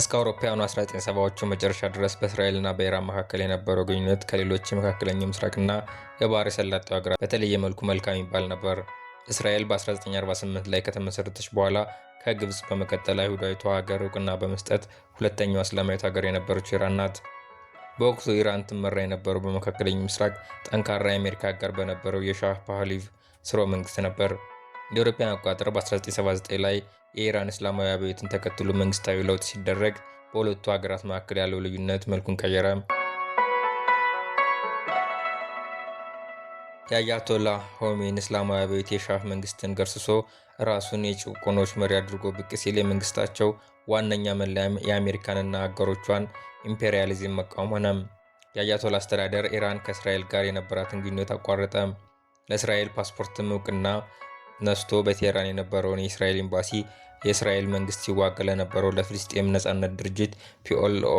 እስከ አውሮፓውያኑ 1970ዎቹ መጨረሻ ድረስ በእስራኤልና በኢራን መካከል የነበረው ግንኙነት ከሌሎች የመካከለኛው ምስራቅና የባህረ ሰላጤው ሀገራት በተለየ መልኩ መልካም ይባል ነበር። እስራኤል በ1948 ላይ ከተመሰረተች በኋላ ከግብፅ በመቀጠል አይሁዳዊቷ ሀገር እውቅና በመስጠት ሁለተኛዋ እስላማዊት ሀገር የነበረችው ኢራን ናት። በወቅቱ ኢራን ትመራ የነበረው በመካከለኛው ምስራቅ ጠንካራ የአሜሪካ አጋር በነበረው የሻህ ፓህሊቭ ስርወ መንግስት ነበር። እንደ አውሮፓውያን አቆጣጠር በ1979 ላይ የኢራን እስላማዊ አብዮትን ተከትሎ መንግስታዊ ለውጥ ሲደረግ በሁለቱ ሀገራት መካከል ያለው ልዩነት መልኩን ቀየረ። የአያቶላ ሆሜን እስላማዊ አብዮት የሻህ መንግስትን ገርስሶ ራሱን የጭቆኖች መሪ አድርጎ ብቅ ሲል የመንግስታቸው ዋነኛ መለያም የአሜሪካንና አገሮቿን ኢምፔሪያሊዝም መቃወም ሆነ። የአያቶላ አስተዳደር ኢራን ከእስራኤል ጋር የነበራትን ግንኙነት አቋረጠ። ለእስራኤል ፓስፖርትም እውቅና ነስቶ በቴህራን የነበረውን የእስራኤል ኤምባሲ የእስራኤል መንግስት ሲዋጋ ለነበረው ለፍልስጤም ነጻነት ድርጅት ፒኤልኦ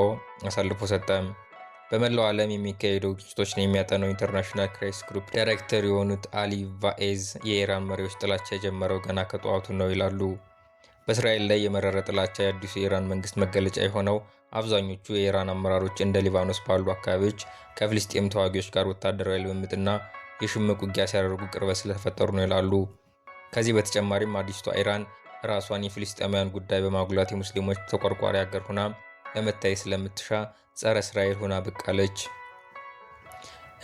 አሳልፎ ሰጠ። በመላው ዓለም የሚካሄደው ግጭቶችን የሚያጠናው ኢንተርናሽናል ክራይስ ግሩፕ ዳይሬክተር የሆኑት አሊ ቫኤዝ የኢራን መሪዎች ጥላቻ የጀመረው ገና ከጠዋቱ ነው ይላሉ። በእስራኤል ላይ የመረረ ጥላቻ የአዲሱ የኢራን መንግስት መገለጫ የሆነው አብዛኞቹ የኢራን አመራሮች እንደ ሊባኖስ ባሉ አካባቢዎች ከፍልስጤም ተዋጊዎች ጋር ወታደራዊ ልምምጥና የሽምቅ ውጊያ ሲያደርጉ ቅርበት ስለተፈጠሩ ነው ይላሉ። ከዚህ በተጨማሪም አዲስቷ ኢራን ራሷን የፊልስጤማውያን ጉዳይ በማጉላት የሙስሊሞች ተቆርቋሪ ሀገር ሆና ለመታየት ስለምትሻ ጸረ እስራኤል ሆና ብቃለች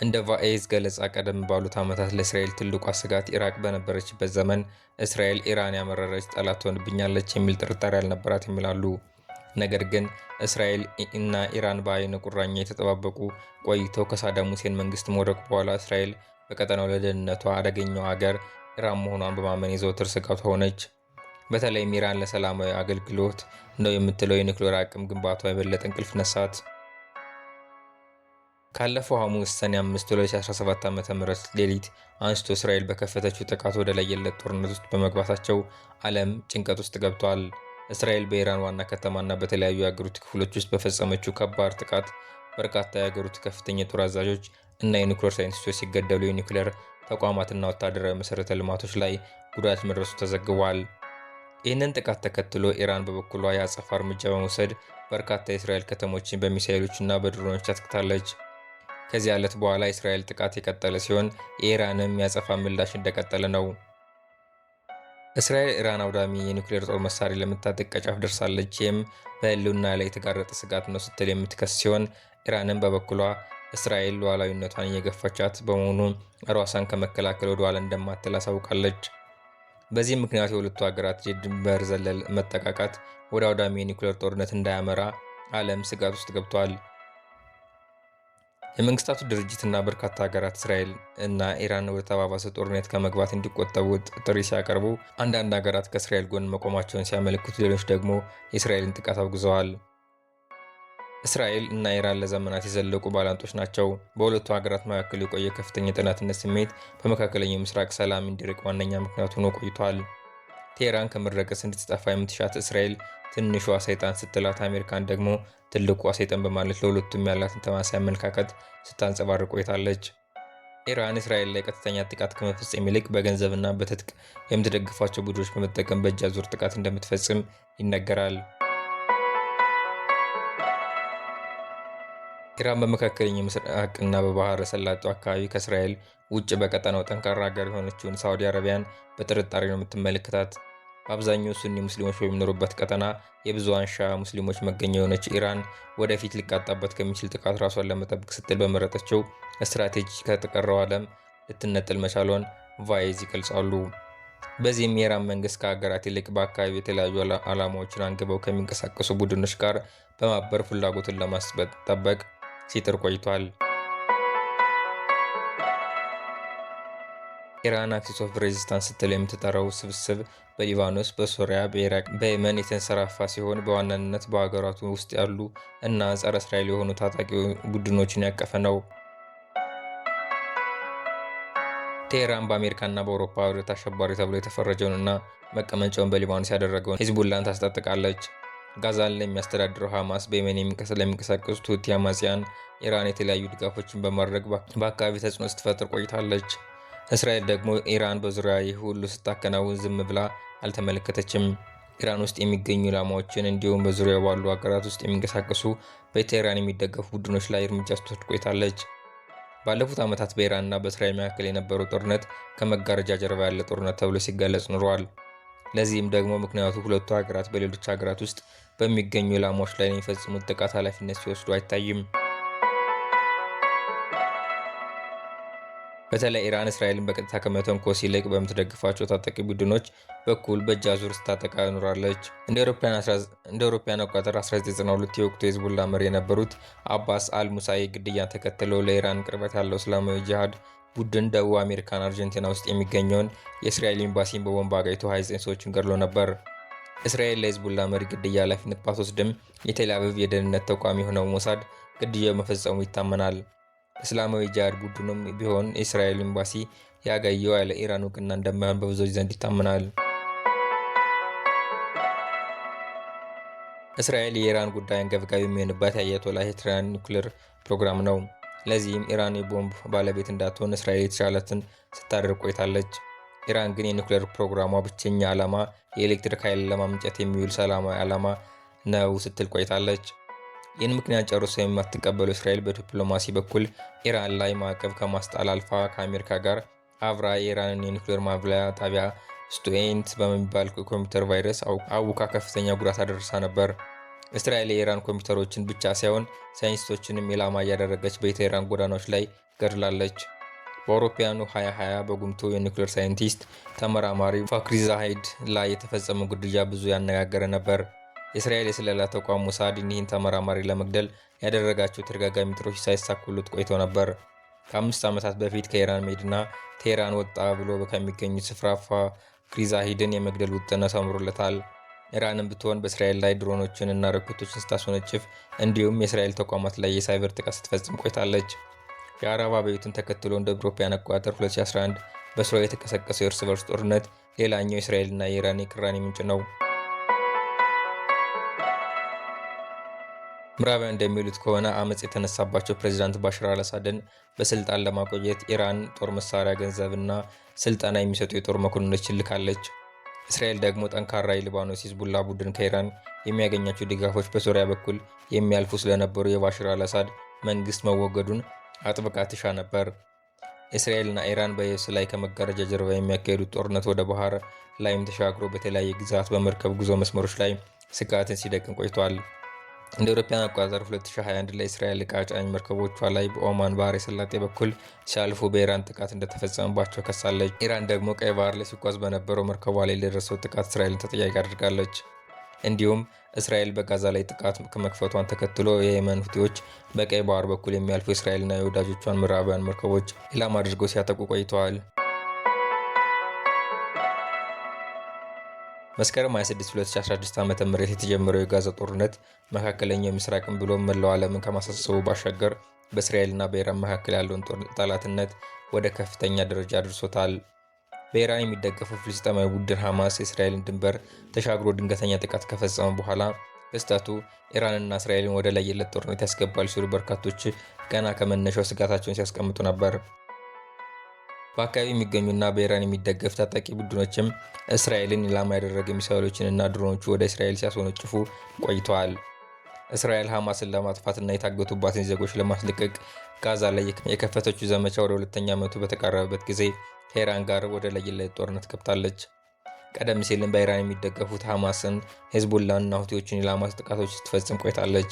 እንደ ቫኤዝ ገለጻ ቀደም ባሉት ዓመታት ለእስራኤል ትልቋ ስጋት ኢራቅ በነበረችበት ዘመን እስራኤል ኢራን ያመረረች ጠላት ትሆንብኛለች የሚል ጥርጣሬ አልነበራት የሚላሉ። ነገር ግን እስራኤል እና ኢራን በአይነ ቁራኛ የተጠባበቁ ቆይተው ከሳዳም ሁሴን መንግስት መውደቅ በኋላ እስራኤል በቀጠናው ለደህንነቷ አደገኛው ሀገር ኢራን መሆኗን በማመን የዘወትር ስጋቷ ሆነች። በተለይም ኢራን ለሰላማዊ አገልግሎት ነው የምትለው የኒውክሌር አቅም ግንባቷ የበለጠ እንቅልፍ ነሳት። ካለፈው ሐሙስ ሰኔ 5 2017 ም ሌሊት አንስቶ እስራኤል በከፈተችው ጥቃት ወደ ላይ የለት ጦርነት ውስጥ በመግባታቸው ዓለም ጭንቀት ውስጥ ገብቷል። እስራኤል በኢራን ዋና ከተማና በተለያዩ የአገሪቱ ክፍሎች ውስጥ በፈጸመችው ከባድ ጥቃት በርካታ የአገሪቱ ከፍተኛ የጦር አዛዦች እና የኒውክሌር ሳይንቲስቶች ሲገደሉ የኒውክሌር ተቋማትና ወታደራዊ መሠረተ ልማቶች ላይ ጉዳት መድረሱ ተዘግቧል። ይህንን ጥቃት ተከትሎ ኢራን በበኩሏ የአጸፋ እርምጃ በመውሰድ በርካታ የእስራኤል ከተሞችን በሚሳኤሎችና በድሮኖች ታጥቅታለች። ከዚህ ዕለት በኋላ የእስራኤል ጥቃት የቀጠለ ሲሆን የኢራንም የአጸፋ ምላሽ እንደቀጠለ ነው። እስራኤል ኢራን አውዳሚ የኒውክሌር ጦር መሳሪያ ለምታጠቅ ቀጫፍ ደርሳለች፣ ይህም በህልውና ላይ የተጋረጠ ስጋት ነው ስትል የምትከስ ሲሆን ኢራንም በበኩሏ እስራኤል ሉዓላዊነቷን እየገፋቻት በመሆኑ ራሷን ከመከላከል ወደ ኋላ እንደማትል አሳውቃለች። በዚህ ምክንያት የሁለቱ ሀገራት የድንበር ዘለል መጠቃቃት ወደ አውዳሚ የኒኩሌር ጦርነት እንዳያመራ ዓለም ስጋት ውስጥ ገብቷል። የመንግስታቱ ድርጅትና በርካታ ሀገራት እስራኤል እና ኢራን ወደ ተባባሰ ጦርነት ከመግባት እንዲቆጠቡ ጥሪ ሲያቀርቡ፣ አንዳንድ ሀገራት ከእስራኤል ጎን መቆማቸውን ሲያመለክቱ፣ ሌሎች ደግሞ የእስራኤልን ጥቃት አውግዘዋል። እስራኤል እና ኢራን ለዘመናት የዘለቁ ባላንጦች ናቸው። በሁለቱ ሀገራት መካከል የቆየ ከፍተኛ የጠላትነት ስሜት በመካከለኛው ምስራቅ ሰላም እንዲርቅ ዋነኛ ምክንያት ሆኖ ቆይቷል። ቴህራን ከምድረ ገጽ እንድትጠፋ የምትሻት እስራኤል ትንሿ ሰይጣን ስትላት፣ አሜሪካን ደግሞ ትልቋ ሰይጣን በማለት ለሁለቱም ያላትን ተማሳይ አመለካከት ስታንጸባርቅ ቆይታለች። ኢራን እስራኤል ላይ ቀጥተኛ ጥቃት ከመፈጸም ይልቅ በገንዘብና በትጥቅ የምትደግፏቸው ቡድኖች በመጠቀም በእጅ አዙር ጥቃት እንደምትፈጽም ይነገራል። ኢራን በመካከለኛ ምስራቅና በባህረ ሰላጤው አካባቢ ከእስራኤል ውጭ በቀጠናው ጠንካራ ሀገር የሆነችውን ሳዑዲ አረቢያን በጥርጣሬ ነው የምትመለከታት። በአብዛኛው ሱኒ ሙስሊሞች በሚኖሩበት ቀጠና የብዙሃን ሺዓ ሙስሊሞች መገኛ የሆነች ኢራን ወደፊት ሊቃጣበት ከሚችል ጥቃት ራሷን ለመጠበቅ ስትል በመረጠችው ስትራቴጂ ከተቀረው ዓለም ልትነጥል መቻሏን ቫይዝ ይገልጻሉ። በዚህም የኢራን መንግስት ከሀገራት ይልቅ በአካባቢ የተለያዩ ዓላማዎችን አንግበው ከሚንቀሳቀሱ ቡድኖች ጋር በማበር ፍላጎትን ለማስጠበቅ ሲጥር ቆይቷል። ኢራን አክሲስ ኦፍ ሬዚስታንስ ስትል የምትጠራው ስብስብ በሊባኖስ፣ በሶሪያ፣ በኢራቅ፣ በየመን የተንሰራፋ ሲሆን በዋናነት በሀገራቱ ውስጥ ያሉ እና ጸረ እስራኤል የሆኑ ታጣቂ ቡድኖችን ያቀፈ ነው። ቴህራን በአሜሪካና በአውሮፓ ህብረት አሸባሪ ተብሎ የተፈረጀውንና መቀመጫውን በሊባኖስ ያደረገውን ሂዝቡላን ታስጠጥቃለች። ጋዛን ለሚያስተዳድረው ሐማስ በየመን ለሚንቀሳቀሱት ሁቲ አማጽያን ኢራን የተለያዩ ድጋፎችን በማድረግ በአካባቢ ተጽዕኖ ስትፈጥር ቆይታለች። እስራኤል ደግሞ ኢራን በዙሪያ ይህ ሁሉ ስታከናውን ዝም ብላ አልተመለከተችም። ኢራን ውስጥ የሚገኙ ኢላማዎችን እንዲሁም በዙሪያ ባሉ ሀገራት ውስጥ የሚንቀሳቀሱ በቴህራን የሚደገፉ ቡድኖች ላይ እርምጃ ስትወስድ ቆይታለች። ባለፉት ዓመታት በኢራንና በእስራኤል መካከል የነበረው ጦርነት ከመጋረጃ ጀርባ ያለ ጦርነት ተብሎ ሲገለጽ ኑሯል። ለዚህም ደግሞ ምክንያቱ ሁለቱ ሀገራት በሌሎች ሀገራት ውስጥ በሚገኙ ኢላማዎች ላይ የሚፈጽሙት ጥቃት ኃላፊነት ሲወስዱ አይታይም። በተለይ ኢራን እስራኤልን በቀጥታ ከመተንኮስ ይልቅ በምትደግፋቸው ታጠቂ ቡድኖች በኩል በእጅ አዙር ስታጠቃ ኖራለች። እንደ አውሮፓውያን አቆጣጠር 1992 የወቅቱ የህዝቡላ መሪ የነበሩት አባስ አልሙሳይ ግድያ ተከትሎ ለኢራን ቅርበት ያለው እስላማዊ ጂሃድ ቡድን ደቡብ አሜሪካን አርጀንቲና ውስጥ የሚገኘውን የእስራኤል ኤምባሲን በቦምብ አጋይቶ 29 ሰዎችን ገድሎ ነበር። እስራኤል ለሂዝቡላ መሪ ግድያ ኃላፊነት ባትወስድም የቴል አቪቭ የደህንነት ተቋም የሆነው ሞሳድ ግድያው መፈጸሙ ይታመናል። እስላማዊ ጂሃድ ቡድኑም ቢሆን የእስራኤል ኤምባሲ ያጋየው ያለ ኢራን እውቅና እንደማይሆን በብዙዎች ዘንድ ይታመናል። እስራኤል የኢራን ጉዳይ አንገብጋቢ የሚሆንባት የአያቶላህ የኢራን ኒውክሌር ፕሮግራም ነው። ለዚህም ኢራን የቦምብ ባለቤት እንዳትሆን እስራኤል የተቻላትን ስታደርግ ቆይታለች። ኢራን ግን የኒውክሌር ፕሮግራሟ ብቸኛ ዓላማ የኤሌክትሪክ ኃይል ለማምንጨት የሚውል ሰላማዊ ዓላማ ነው ስትል ቆይታለች። ይህን ምክንያት ጨርሶ የማትቀበለው እስራኤል በዲፕሎማሲ በኩል ኢራን ላይ ማዕቀብ ከማስጣል አልፋ ከአሜሪካ ጋር አብራ የኢራንን የኒውክሌር ማብላያ ጣቢያ ስቱኤንት በሚባል ኮምፒውተር ቫይረስ አውካ ከፍተኛ ጉዳት አደርሳ ነበር። እስራኤል የኢራን ኮምፒውተሮችን ብቻ ሳይሆን ሳይንቲስቶችንም ኢላማ እያደረገች በቴህራን ጎዳናዎች ላይ ገድላለች። በአውሮፓውያኑ 2020 በጉምቱ የኒውክሌር ሳይንቲስት ተመራማሪ ፋክሪ ላይ የተፈጸመው ግድያ ብዙ ያነጋገረ ነበር። የእስራኤል የስለላ ተቋም ሙሳድ እኒህን ተመራማሪ ለመግደል ያደረጋቸው ተደጋጋሚ ጥሮች ሳይሳኩሉት ቆይቶ ነበር። ከአምስት ዓመታት በፊት ከኢራን መዲና ቴህራን ወጣ ብሎ ከሚገኙት ስፍራ ፋክሪ የመግደል ውጥን ሰምሮለታል። ኢራንም ብትሆን በእስራኤል ላይ ድሮኖችን እና ሮኬቶችን ስታስወነጭፍ እንዲሁም የእስራኤል ተቋማት ላይ የሳይበር ጥቃት ስትፈጽም ቆይታለች። የአረብ አብዮትን ተከትሎ እንደ አውሮፓውያን አቆጣጠር 2011 በሱሪያ የተቀሰቀሰው የእርስ በርስ ጦርነት ሌላኛው የእስራኤልና የኢራን የቅራኔ ምንጭ ነው። ምዕራባውያን እንደሚሉት ከሆነ አመፅ የተነሳባቸው ፕሬዚዳንት ባሽር አልአሳድን በስልጣን ለማቆየት ኢራን ጦር መሳሪያ፣ ገንዘብ እና ስልጠና የሚሰጡ የጦር መኮንኖች ይልካለች። እስራኤል ደግሞ ጠንካራ የሊባኖስ ሂዝቡላ ቡድን ከኢራን የሚያገኛቸው ድጋፎች በሶሪያ በኩል የሚያልፉ ስለነበሩ የባሽር አልአሳድ መንግስት መወገዱን አጥብቃ ትሻ ነበር። እስራኤልና ኢራን በየብስ ላይ ከመጋረጃ ጀርባ የሚያካሄዱት ጦርነት ወደ ባህር ላይም ተሻግሮ በተለያየ ግዛት በመርከብ ጉዞ መስመሮች ላይ ስጋትን ሲደቅን ቆይቷል። እንደ አውሮፓውያን አቆጣጠር 2021 ላይ እስራኤል ዕቃ ጫኝ መርከቦቿ ላይ በኦማን ባህረ ሰላጤ በኩል ሲያልፉ በኢራን ጥቃት እንደተፈጸመባቸው ከሳለች። ኢራን ደግሞ ቀይ ባህር ላይ ሲጓዝ በነበረው መርከቧ ላይ ለደረሰው ጥቃት እስራኤልን ተጠያቂ አድርጋለች። እንዲሁም እስራኤል በጋዛ ላይ ጥቃት ከመክፈቷን ተከትሎ የየመን ሁቲዎች በቀይ ባህር በኩል የሚያልፉ እስራኤልና የወዳጆቿን ምዕራባውያን መርከቦች ኢላማ አድርገው ሲያጠቁ ቆይተዋል። መስከረም 26 2016 ዓ ም የተጀመረው የጋዛ ጦርነት መካከለኛው ምስራቅን ብሎም መላው ዓለምን ከማሳሰቡ ባሻገር በእስራኤልና በኢራን መካከል ያለውን ጠላትነት ወደ ከፍተኛ ደረጃ አድርሶታል። በኢራን የሚደገፈው ፍልስጤማዊ ቡድን ሐማስ የእስራኤልን ድንበር ተሻግሮ ድንገተኛ ጥቃት ከፈጸመ በኋላ ክስተቱ ኢራንና እስራኤልን ወደ ለየለት ጦርነት ያስገባል ሲሉ በርካቶች ገና ከመነሻው ስጋታቸውን ሲያስቀምጡ ነበር። በአካባቢ የሚገኙና በኢራን የሚደገፍ ታጣቂ ቡድኖችም እስራኤልን ኢላማ ያደረገ ሚሳይሎችንና ድሮኖቹ ወደ እስራኤል ሲያስወነጭፉ ቆይተዋል። እስራኤል ሐማስን ለማጥፋትና የታገቱባትን ዜጎች ለማስለቀቅ ጋዛ ላይ የከፈተችው ዘመቻ ወደ ሁለተኛ ዓመቱ በተቃረበበት ጊዜ ከኢራን ጋር ወደ ለየለት ጦርነት ገብታለች። ቀደም ሲልም በኢራን የሚደገፉት ሐማስን፣ ሄዝቦላንና ሁቲዎችን ኢላማ ጥቃቶች ስትፈጽም ቆይታለች።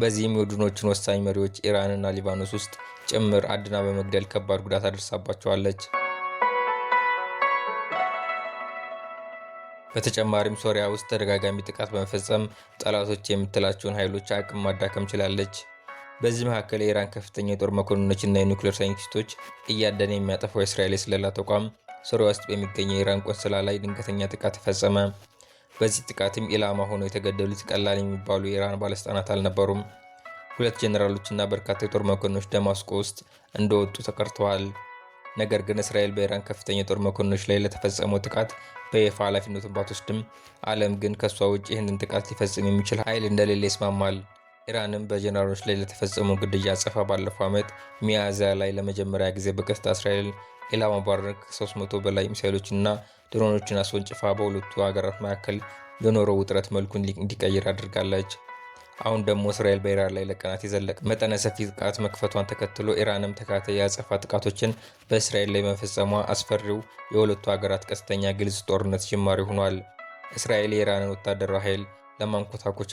በዚህም የቡድኖቹን ወሳኝ መሪዎች ኢራንና ሊባኖስ ውስጥ ጭምር አድና በመግደል ከባድ ጉዳት አደርሳባቸዋለች። በተጨማሪም ሶሪያ ውስጥ ተደጋጋሚ ጥቃት በመፈጸም ጠላቶች የምትላቸውን ኃይሎች አቅም ማዳከም ችላለች። በዚህ መካከል የኢራን ከፍተኛ የጦር እና የኒውክሌር ሳይንቲስቶች እያደነ የሚያጠፋው የእስራኤል የስለላ ተቋም ሶሪያ ውስጥ በሚገኘ የኢራን ቆንስላ ላይ ድንገተኛ ጥቃት ተፈጸመ። በዚህ ጥቃትም ኢላማ ሆነው የተገደሉት ቀላል የሚባሉ የኢራን ባለስልጣናት አልነበሩም። ሁለት ጄኔራሎችና በርካታ የጦር መኮንኖች ደማስቆ ውስጥ እንደወጡ ተቀርተዋል። ነገር ግን እስራኤል በኢራን ከፍተኛ የጦር መኮንኖች ላይ ለተፈጸመው ጥቃት በይፋ ኃላፊነቱን ባትወስድም ዓለም ግን ከእሷ ውጭ ይህንን ጥቃት ሊፈጽም የሚችል ኃይል እንደሌለ ይስማማል። ኢራንም በጀነራሎች ላይ ለተፈጸመው ግድያ አጸፋ ባለፈው ዓመት ሚያዝያ ላይ ለመጀመሪያ ጊዜ በቀስታ እስራኤል ኢላማ ከ 300 በላይ ሚሳይሎችና ድሮኖችን አስወንጭፋ በሁለቱ ሀገራት መካከል የኖረው ውጥረት መልኩን እንዲቀይር አድርጋለች። አሁን ደግሞ እስራኤል በኢራን ላይ ለቀናት የዘለቀ መጠነ ሰፊ ጥቃት መክፈቷን ተከትሎ ኢራንም ተካታይ የአጸፋ ጥቃቶችን በእስራኤል ላይ መፈጸሟ አስፈሪው የሁለቱ ሀገራት ቀጥተኛ ግልጽ ጦርነት ጅማሪ ሆኗል። እስራኤል የኢራንን ወታደራዊ ኃይል ለማንኮታኮቻ፣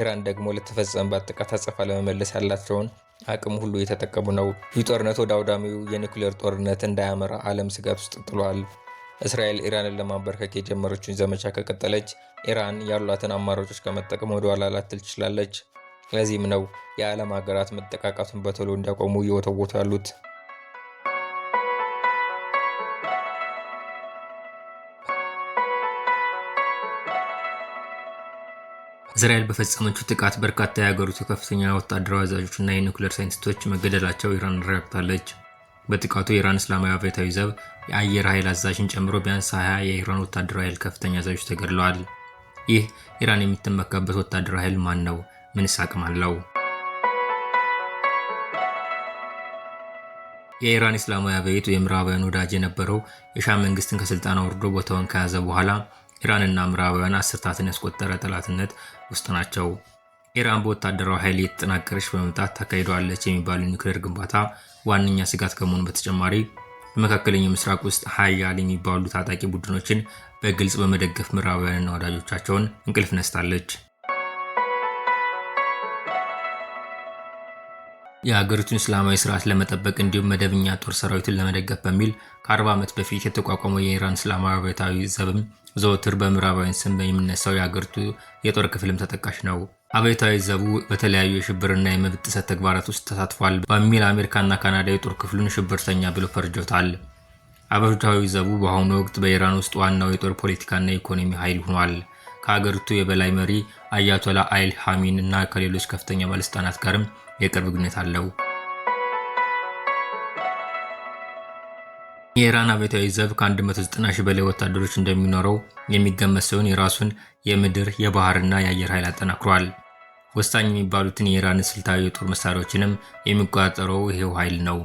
ኢራን ደግሞ ለተፈጸመባት ጥቃት አጸፋ ለመመለስ ያላቸውን አቅም ሁሉ እየተጠቀሙ ነው። ይህ ጦርነት ወደ አውዳሚው የኒውክሌር ጦርነት እንዳያመራ ዓለም ስጋት ውስጥ ጥሏል። እስራኤል ኢራንን ለማንበርከክ የጀመረችውን ዘመቻ ከቀጠለች ኢራን ያሏትን አማራጮች ከመጠቀም ወደ ኋላ ላትል ትችላለች። ለዚህም ነው የዓለም ሀገራት መጠቃቃቱን በቶሎ እንዲያቆሙ እየወተወቱ ያሉት። እስራኤል በፈጸመችው ጥቃት በርካታ የሀገሪቱ ከፍተኛ ወታደራዊ አዛዦችና የኒውክሌር ሳይንቲስቶች መገደላቸው ኢራን አረጋግጣለች። በጥቃቱ የኢራን እስላማዊ አብዮታዊ ዘብ የአየር ኃይል አዛዥን ጨምሮ ቢያንስ 20 የኢራን ወታደራዊ ኃይል ከፍተኛ አዛዦች ተገድለዋል። ይህ ኢራን የምትመካበት ወታደራዊ ኃይል ማን ነው? ምንስ አቅም አለው? የኢራን እስላማዊ አብዮት የምዕራባውያን ወዳጅ የነበረው የሻ መንግስትን ከስልጣን አውርዶ ቦታውን ከያዘ በኋላ ኢራንና ምዕራባውያን አስርታትን ያስቆጠረ ጠላትነት ውስጥ ናቸው። ኢራን በወታደራዊ ኃይል የተጠናከረች በመምጣት ታካሂደዋለች የሚባለው ኒውክሌር ግንባታ ዋነኛ ስጋት ከመሆኑ በተጨማሪ በመካከለኛው ምስራቅ ውስጥ ሀያል የሚባሉ ታጣቂ ቡድኖችን በግልጽ በመደገፍ ምዕራባውያንና ወዳጆቻቸውን እንቅልፍ ነስታለች። የሀገሪቱን እስላማዊ ስርዓት ለመጠበቅ እንዲሁም መደበኛ ጦር ሰራዊትን ለመደገፍ በሚል ከ40 ዓመት በፊት የተቋቋመው የኢራን እስላማዊ አብዮታዊ ዘብም ዘወትር በምዕራባውያን ስም የሚነሳው የሀገሪቱ የጦር ክፍልም ተጠቃሽ ነው። አብዮታዊ ዘቡ በተለያዩ የሽብርና የመብት ጥሰት ተግባራት ውስጥ ተሳትፏል በሚል አሜሪካና ካናዳ የጦር ክፍሉን ሽብርተኛ ብሎ ፈርጆታል። አብዮታዊ ዘቡ በአሁኑ ወቅት በኢራን ውስጥ ዋናው የጦር ፖለቲካና የኢኮኖሚ ኃይል ሆኗል። ከሀገሪቱ የበላይ መሪ አያቶላ አይል ሐሚን እና ከሌሎች ከፍተኛ ባለስልጣናት ጋርም የቅርብ ግንኙነት አለው። የኢራን አብዮታዊ ዘብ ከ190 ሺህ በላይ ወታደሮች እንደሚኖረው የሚገመት ሲሆን የራሱን የምድር የባህርና የአየር ኃይል አጠናክሯል። ወሳኝ የሚባሉትን የኢራን ስልታዊ የጦር መሳሪያዎችንም የሚቆጣጠረው ይሄው ኃይል ነው።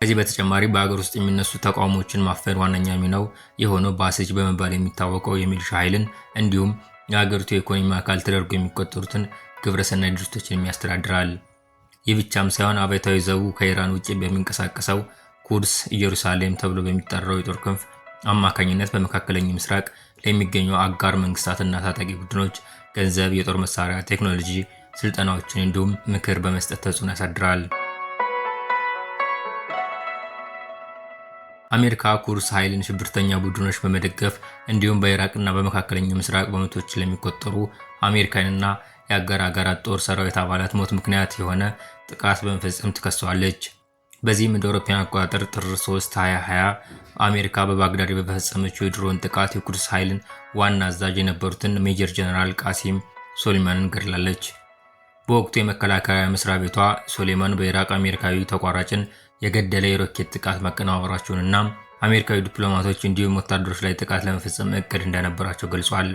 ከዚህ በተጨማሪ በሀገር ውስጥ የሚነሱ ተቃውሞችን ማፈን ዋነኛ ሚናው የሆነው ባሲጅ በመባል የሚታወቀው የሚሊሻ ኃይልን እንዲሁም የሀገሪቱ የኢኮኖሚ አካል ተደርጎ የሚቆጠሩትን ግብረሰናይ ድርጅቶችን የሚያስተዳድራል። ይህ ብቻም ሳይሆን አብዮታዊ ዘቡ ከኢራን ውጭ በሚንቀሳቀሰው ኩድስ፣ ኢየሩሳሌም ተብሎ በሚጠራው የጦር ክንፍ አማካኝነት በመካከለኛው ምስራቅ ለሚገኙ አጋር መንግስታትና ታጣቂ ቡድኖች ገንዘብ፣ የጦር መሳሪያ፣ ቴክኖሎጂ፣ ስልጠናዎችን እንዲሁም ምክር በመስጠት ተጽዕኖ ያሳድራል። አሜሪካ ኩርስ ኃይልን ሽብርተኛ ቡድኖች በመደገፍ እንዲሁም በኢራቅና በመካከለኛው ምስራቅ በመቶች ለሚቆጠሩ አሜሪካንና የአገር አገራት ጦር ሰራዊት አባላት ሞት ምክንያት የሆነ ጥቃት በመፈጸም ትከሰዋለች። በዚህም እንደ አውሮፓውያን አቆጣጠር ጥር 3 2020 አሜሪካ በባግዳድ በፈጸመችው የድሮን ጥቃት የቁድስ ኃይልን ዋና አዛዥ የነበሩትን ሜጀር ጀነራል ቃሲም ሶሊማንን ገድላለች። በወቅቱ የመከላከያ መስሪያ ቤቷ ሶሌማን በኢራቅ አሜሪካዊ ተቋራጭን የገደለ የሮኬት ጥቃት ማቀነባበራቸውንና አሜሪካዊ ዲፕሎማቶች እንዲሁም ወታደሮች ላይ ጥቃት ለመፈጸም እቅድ እንደነበራቸው ገልጿል።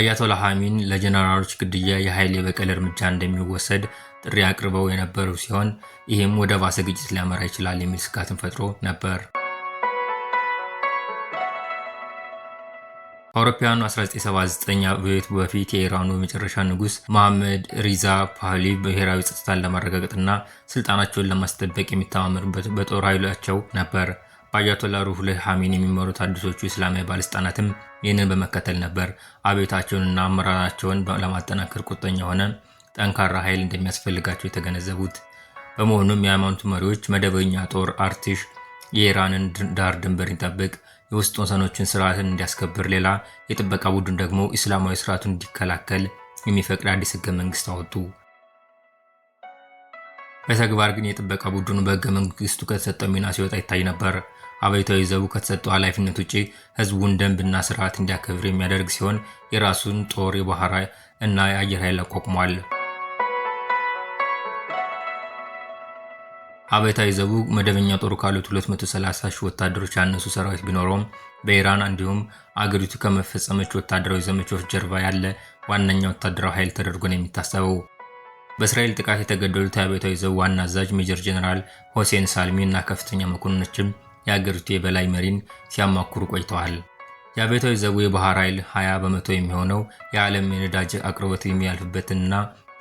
አያቶላ ሐሚን ለጀነራሎች ግድያ የኃይል የበቀል እርምጃ እንደሚወሰድ ጥሪ አቅርበው የነበሩ ሲሆን ይህም ወደ ባሰ ግጭት ሊያመራ ይችላል የሚል ስጋትን ፈጥሮ ነበር። አውሮፓውያኑ 1979 አብዮት በፊት የኢራኑ የመጨረሻ ንጉሥ መሐመድ ሪዛ ፓህሊ ብሔራዊ ጸጥታን ለማረጋገጥና ስልጣናቸውን ለማስጠበቅ የሚተማመኑበት በጦር ኃይላቸው ነበር። አያቶላ ላይ ሐሚን የሚመሩት አዲሶቹ እስላማዊ ባለስልጣናትም ይህንን በመከተል ነበር አብዮታቸውንና አመራራቸውን ለማጠናከር ቁርጠኛ ሆነ ጠንካራ ኃይል እንደሚያስፈልጋቸው የተገነዘቡት። በመሆኑም የሃይማኖቱ መሪዎች መደበኛ ጦር አርቲሽ የኢራንን ዳር ድንበር ይጠብቅ፣ የውስጥ ወሰኖችን ስርዓትን እንዲያስከብር፣ ሌላ የጥበቃ ቡድን ደግሞ እስላማዊ ስርዓቱን እንዲከላከል የሚፈቅድ አዲስ ህገ መንግስት አወጡ። በተግባር ግን የጥበቃ ቡድኑ በህገ መንግስቱ ከተሰጠው ሚና ሲወጣ ይታይ ነበር። አበይታዊ ዘቡ ከተሰጠው ኃላፊነት ውጪ ህዝቡን ደንብና ስርዓት እንዲያከብር የሚያደርግ ሲሆን የራሱን ጦር የባህር እና የአየር ኃይል አቋቁሟል። አበይታዊ ዘቡ መደበኛ ጦሩ ካሉት 230 ሺህ ወታደሮች ያነሱ ሰራዊት ቢኖረውም በኢራን እንዲሁም አገሪቱ ከመፈጸመች ወታደራዊ ዘመቻዎች ጀርባ ያለ ዋነኛ ወታደራዊ ኃይል ተደርጎ ነው የሚታሰበው። በእስራኤል ጥቃት የተገደሉት የአብዮታዊ ዘብ ዋና አዛዥ ሜጀር ጀነራል ሆሴን ሳልሚ እና ከፍተኛ መኮንኖችም የአገሪቱ የበላይ መሪን ሲያማክሩ ቆይተዋል። የአብዮታዊ ዘቡ የባህር ኃይል 20 በመቶ የሚሆነው የዓለም የነዳጅ አቅርቦት የሚያልፍበትንና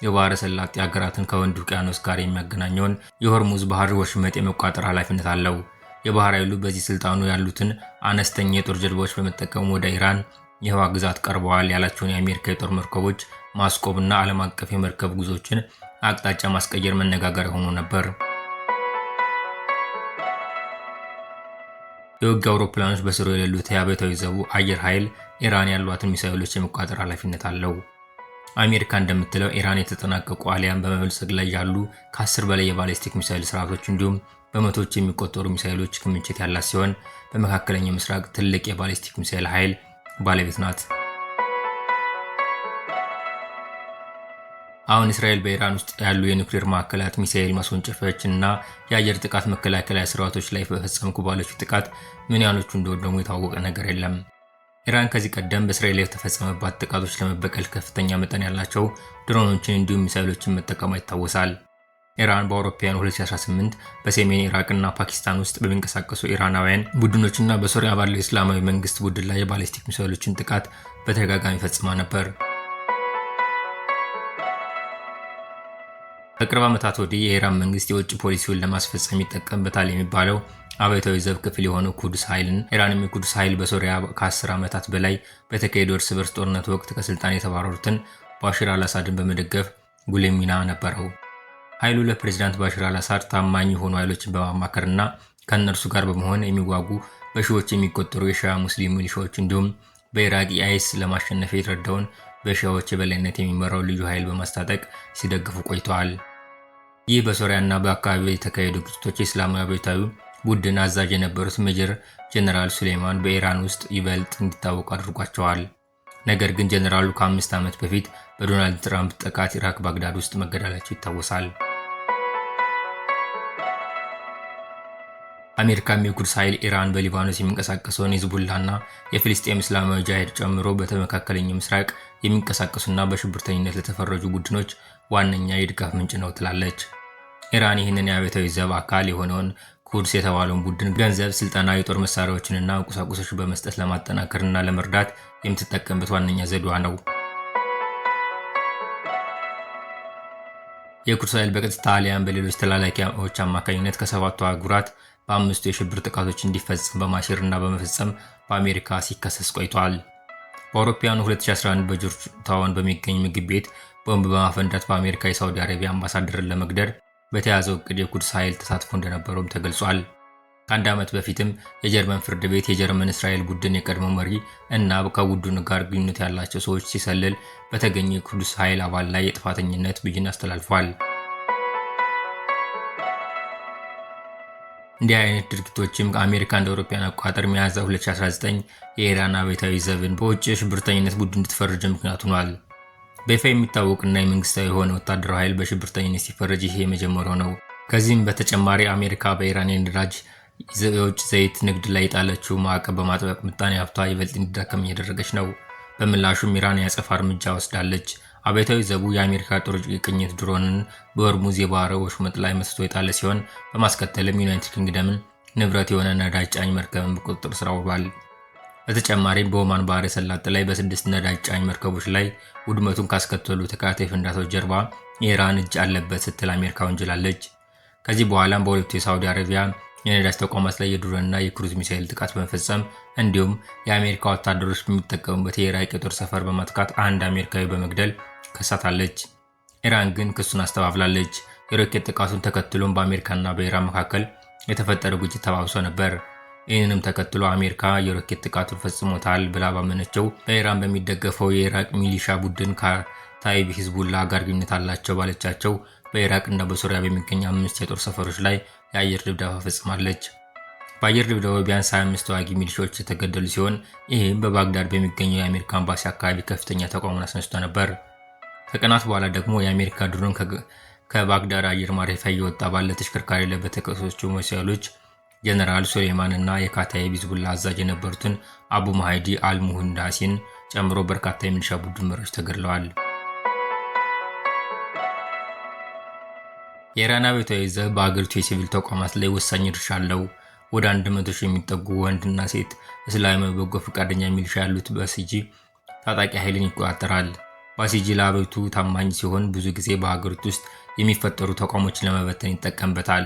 የባህረ ሰላጤ ሀገራትን ከህንድ ውቅያኖስ ጋር የሚያገናኘውን የሆርሙዝ ባህር ወሽመጥ የመቋጠር ኃላፊነት አለው። የባህር ኃይሉ በዚህ ስልጣኑ ያሉትን አነስተኛ የጦር ጀልባዎች በመጠቀም ወደ ኢራን የህዋ ግዛት ቀርበዋል ያላቸውን የአሜሪካ የጦር መርከቦች ማስቆብና ዓለም አቀፍ የመርከብ ጉዞችን አቅጣጫ ማስቀየር መነጋገሪያ ሆኖ ነበር። የውግ አውሮፕላኖች በስሩ የሌሉት የአብዮታዊ ዘቡ አየር ኃይል ኢራን ያሏትን ሚሳይሎች የመቋጠር ኃላፊነት አለው። አሜሪካ እንደምትለው ኢራን የተጠናቀቁ አሊያም በመበልጸግ ላይ ያሉ ከአስር በላይ የባሌስቲክ ሚሳይል ስርዓቶች እንዲሁም በመቶዎች የሚቆጠሩ ሚሳይሎች ክምችት ያላት ሲሆን በመካከለኛው ምስራቅ ትልቅ የባሌስቲክ ሚሳይል ኃይል ባለቤት ናት። አሁን እስራኤል በኢራን ውስጥ ያሉ የኒውክሌር ማዕከላት፣ ሚሳኤል ማስወንጨፊያዎች እና የአየር ጥቃት መከላከያ ስርዓቶች ላይ በፈጸምኩ ባለችው ጥቃት ምን ያህሎቹ እንደወደሙ የታወቀ ነገር የለም። ኢራን ከዚህ ቀደም በእስራኤል ላይ የተፈጸመባት ጥቃቶች ለመበቀል ከፍተኛ መጠን ያላቸው ድሮኖችን እንዲሁም ሚሳይሎችን መጠቀሟ ይታወሳል። ኢራን በአውሮፓውያን 2018 በሰሜን ኢራቅና ፓኪስታን ውስጥ በሚንቀሳቀሱ ኢራናውያን ቡድኖችና በሶሪያ ባለው የእስላማዊ መንግስት ቡድን ላይ የባሊስቲክ ሚሳይሎችን ጥቃት በተደጋጋሚ ፈጽማ ነበር። ከቅርብ ዓመታት ወዲህ የኢራን መንግስት የውጭ ፖሊሲውን ለማስፈጸም ይጠቀምበታል የሚባለው አብዮታዊ ዘብ ክፍል የሆነው ኩዱስ ኃይልን ኢራንም የኩዱስ ኃይል በሶሪያ ከ10 ዓመታት በላይ በተካሄደው እርስ በርስ ጦርነት ወቅት ከስልጣን የተባረሩትን ባሽር አልአሳድን በመደገፍ ጉልህ ሚና ነበረው። ኃይሉ ለፕሬዚዳንት ባሽር አልአሳድ ታማኝ የሆኑ ኃይሎችን በማማከርና ከእነርሱ ጋር በመሆን የሚዋጉ በሺዎች የሚቆጠሩ የሻያ ሙስሊም ሚሊሻዎች እንዲሁም በኢራቅ አይስ ለማሸነፍ የተረዳውን በሺያዎች የበላይነት የሚመራው ልዩ ኃይል በማስታጠቅ ሲደግፉ ቆይተዋል። ይህ በሶሪያና በአካባቢ የተካሄዱ ግጭቶች የእስላማዊ አብዮታዊ ቡድን አዛዥ የነበሩት ሜጀር ጀነራል ሱሌይማን በኢራን ውስጥ ይበልጥ እንዲታወቁ አድርጓቸዋል። ነገር ግን ጀነራሉ ከአምስት ዓመት በፊት በዶናልድ ትራምፕ ጥቃት ኢራክ ባግዳድ ውስጥ መገደላቸው ይታወሳል። አሜሪካም የኩድስ ኃይል ኢራን በሊባኖስ የሚንቀሳቀሰውን ሂዝቡላና የፊልስጤም እስላማዊ ጃሄድ ጨምሮ በመካከለኛው ምስራቅ የሚንቀሳቀሱና በሽብርተኝነት ለተፈረጁ ቡድኖች ዋነኛ የድጋፍ ምንጭ ነው ትላለች። ኢራን ይህንን የአብዮታዊ ዘብ አካል የሆነውን ኩድስ የተባለውን ቡድን ገንዘብ፣ ስልጠና፣ የጦር መሳሪያዎችንና ቁሳቁሶች በመስጠት ለማጠናከርና ለመርዳት የምትጠቀምበት ዋነኛ ዘዴዋ ነው። የኩድስ ኃይል በቀጥታ አሊያም በሌሎች ተላላኪዎች አማካኝነት ከሰባቱ አህጉራት በአምስቱ የሽብር ጥቃቶች እንዲፈጸም እና በመፈጸም በአሜሪካ ሲከሰስ ቆይቷል። በአውሮፓውያኑ 2011 በጆርጅ ታውን በሚገኝ ምግብ ቤት ቦምብ በማፈንዳት በአሜሪካ የሳውዲ አረቢያ አምባሳደርን ለመግደል በተያዘው እቅድ የኩድስ ኃይል ተሳትፎ እንደነበረውም ተገልጿል። ከአንድ ዓመት በፊትም የጀርመን ፍርድ ቤት የጀርመን እስራኤል ቡድን የቀድሞ መሪ እና ከቡድኑ ጋር ግንኙነት ያላቸው ሰዎች ሲሰልል በተገኘ የኩድስ ኃይል አባል ላይ የጥፋተኝነት ብይን አስተላልፏል። እንዲህ አይነት ድርጊቶችም አሜሪካ እንደ አውሮፓውያን አቆጣጠር ሚያዝያ 2019 የኢራን አብዮታዊ ዘብን በውጭ የሽብርተኝነት ቡድን እንድትፈርጅ ምክንያት ሆኗል። በይፋ የሚታወቅና የመንግስታዊ የሆነ ወታደራዊ ኃይል በሽብርተኝነት ሲፈረጅ ይሄ የመጀመሪያው ነው። ከዚህም በተጨማሪ አሜሪካ በኢራን የነዳጅ የውጭ ዘይት ንግድ ላይ የጣለችው ማዕቀብ በማጥበቅ ምጣኔ ሀብቷ ይበልጥ እንዲዳከም እያደረገች ነው። በምላሹም ኢራን የአጸፋ እርምጃ ወስዳለች። አብዮታዊ ዘቡ የአሜሪካ ጦር ቅኝት ድሮንን በሆርሙዝ የባህረ ወሽመጥ ላይ መስቶ የጣለ ሲሆን በማስከተልም ዩናይትድ ኪንግደምን ንብረት የሆነ ነዳጅ ጫኝ መርከብን በቁጥጥር ስር አውሏል። በተጨማሪም በኦማን ባህረ ሰላጤ ላይ በስድስት ነዳጅ ጫኝ መርከቦች ላይ ውድመቱን ካስከተሉ ተከታታይ ፍንዳቶች ጀርባ የኢራን እጅ አለበት ስትል አሜሪካ ወንጅላለች። ከዚህ በኋላም በሁለቱ የሳውዲ አረቢያ የነዳጅ ተቋማት ላይ የድሮንና የክሩዝ ሚሳይል ጥቃት በመፈጸም እንዲሁም የአሜሪካ ወታደሮች በሚጠቀሙበት የኢራቅ የጦር ሰፈር በማጥቃት አንድ አሜሪካዊ በመግደል ከሳታለች። ኢራን ግን ክሱን አስተባብላለች። የሮኬት ጥቃቱን ተከትሎም በአሜሪካና በኢራን መካከል የተፈጠረ ግጭት ተባብሶ ነበር። ይህንንም ተከትሎ አሜሪካ የሮኬት ጥቃቱን ፈጽሞታል ብላ ባመነቸው በኢራን በሚደገፈው የኢራቅ ሚሊሻ ቡድን ከታይብ ሂዝቡላ ጋር ግንኙነት አላቸው ባለቻቸው በኢራቅ እና በሱሪያ በሚገኙ አምስት የጦር ሰፈሮች ላይ የአየር ድብደባ ፈጽማለች። በአየር ድብደባ ቢያንስ 25 ተዋጊ ሚሊሻዎች የተገደሉ ሲሆን ይህም በባግዳድ በሚገኘው የአሜሪካ ኤምባሲ አካባቢ ከፍተኛ ተቃውሞን አስነስቶ ነበር። ከቀናት በኋላ ደግሞ የአሜሪካ ድሮን ከባግዳድ አየር ማረፊያ እየወጣ ባለ ተሽከርካሪ ላይ በተከሰሱ ሚሳይሎች ጀነራል ሱሌይማን እና የካታይብ ሂዝቡላ አዛዥ የነበሩትን አቡ ማሃይዲ አልሙሁንዳሲን ጨምሮ በርካታ የሚሊሻ ቡድን መሪዎች ተገድለዋል። የኢራን አብዮታዊ ዘብ በአገሪቱ የሲቪል ተቋማት ላይ ወሳኝ ድርሻ አለው። ወደ 100 ሺህ የሚጠጉ ወንድና ሴት እስላማዊ በጎ ፈቃደኛ ሚሊሻ ያሉት በሲጂ ታጣቂ ኃይልን ይቆጣጠራል። ባሲጂላ ቤቱ ታማኝ ሲሆን ብዙ ጊዜ በሀገሪቱ ውስጥ የሚፈጠሩ ተቋሞችን ለመበተን ይጠቀምበታል።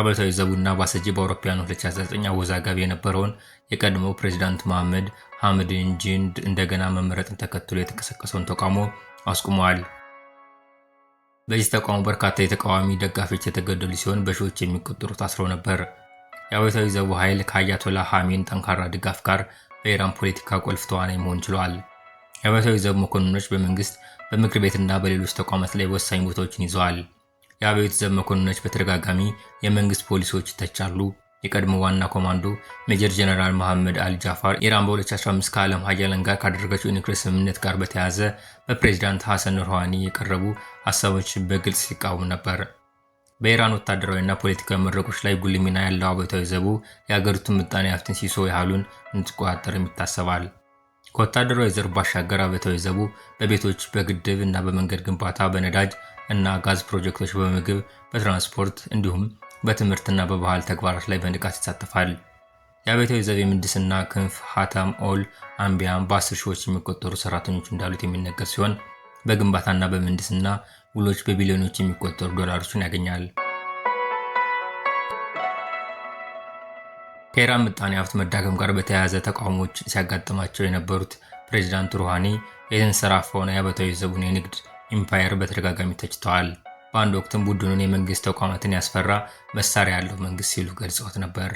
አብዮታዊ ዘቡና ባሰጂ በአውሮፓውያኑ 2019 አወዛጋቢ የነበረውን የቀድሞው ፕሬዚዳንት መሐመድ ሐምድ እንጂንድ እንደገና መመረጥን ተከትሎ የተቀሰቀሰውን ተቃውሞ አስቁመዋል። በዚህ ተቃውሞ በርካታ የተቃዋሚ ደጋፊዎች የተገደሉ ሲሆን በሺዎች የሚቆጠሩ ታስረው ነበር። የአብዮታዊ ዘቡ ኃይል ከአያቶላ ሐሚን ጠንካራ ድጋፍ ጋር በኢራን ፖለቲካ ቁልፍ ተዋናይ መሆን ችሏል። የአብዮታዊ ዘብ መኮንኖች በመንግስት በምክር ቤትና በሌሎች ተቋማት ላይ ወሳኝ ቦታዎችን ይዘዋል። የአብዮት ዘብ መኮንኖች በተደጋጋሚ የመንግስት ፖሊሶች ይተቻሉ። የቀድሞ ዋና ኮማንዶ ሜጀር ጀነራል መሐመድ አል ጃፋር ኢራን በ2015 ከዓለም ሀያላን ጋር ካደረገችው የኒውክሌር ስምምነት ጋር በተያያዘ በፕሬዚዳንት ሐሰን ሩሃኒ የቀረቡ ሀሳቦችን በግልጽ ሲቃወሙ ነበር። በኢራን ወታደራዊና ፖለቲካዊ መድረኮች ላይ ጉልሚና ያለው አብዮታዊ ዘቡ የአገሪቱን ምጣኔ ሀብትን ሲሶ ያህሉን እንዲቆጣጠርም ይታሰባል። ከወታደራዊ ዘር ባሻገር አበታዊ ዘቡ በቤቶች፣ በግድብ እና በመንገድ ግንባታ፣ በነዳጅ እና ጋዝ ፕሮጀክቶች፣ በምግብ፣ በትራንስፖርት እንዲሁም በትምህርትና በባህል ተግባራት ላይ በንቃት ይሳተፋል። የአብዮታዊ ዘብ የምህንድስና ክንፍ ሀተም ኦል አምቢያም በአስር ሺዎች የሚቆጠሩ ሰራተኞች እንዳሉት የሚነገር ሲሆን በግንባታና በምህንድስና ውሎች በቢሊዮኖች የሚቆጠሩ ዶላሮችን ያገኛል። ከኢራን ምጣኔ ሀብት መዳከም ጋር በተያያዘ ተቃውሞዎች ሲያጋጥማቸው የነበሩት ፕሬዚዳንት ሩሃኒ የተንሰራፋውን ዘቡን የንግድ ኢምፓየር በተደጋጋሚ ተችተዋል። በአንድ ወቅትም ቡድኑን የመንግስት ተቋማትን ያስፈራ መሳሪያ ያለው መንግስት ሲሉ ገልጸውት ነበር።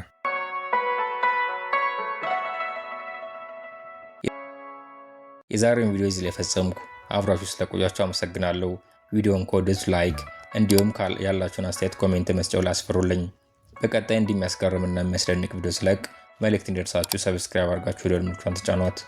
የዛሬውን ቪዲዮ እዚህ ላይ ፈጸምኩ። አብራችሁ ስለቆያችሁ አመሰግናለሁ። ቪዲዮን ከወደዳችሁት ላይክ እንዲሁም ያላችሁን አስተያየት ኮሜንት መስጫው ላስፈሩልኝ። በቀጣይ እንዲህ የሚያስገርምና የሚያስደንቅ ቪዲዮ ስለቅ መልእክት እንዲደርሳችሁ ሰብስክራይብ አድርጋችሁ ደወል ምልክቷን ተጫኗት።